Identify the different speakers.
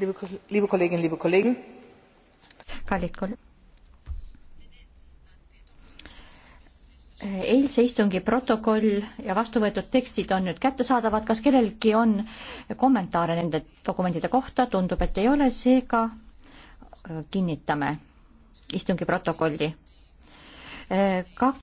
Speaker 1: liebe Kolleginnen, liebe Kollegen.
Speaker 2: kallid kolleegid.
Speaker 3: eilse istungi protokoll ja vastuvõetud tekstid on nüüd kättesaadavad, kas kellelgi on kommentaare nende dokumentide kohta, tundub, et ei ole, seega äh, kinnitame istungi protokolli.
Speaker 4: Äh, kaks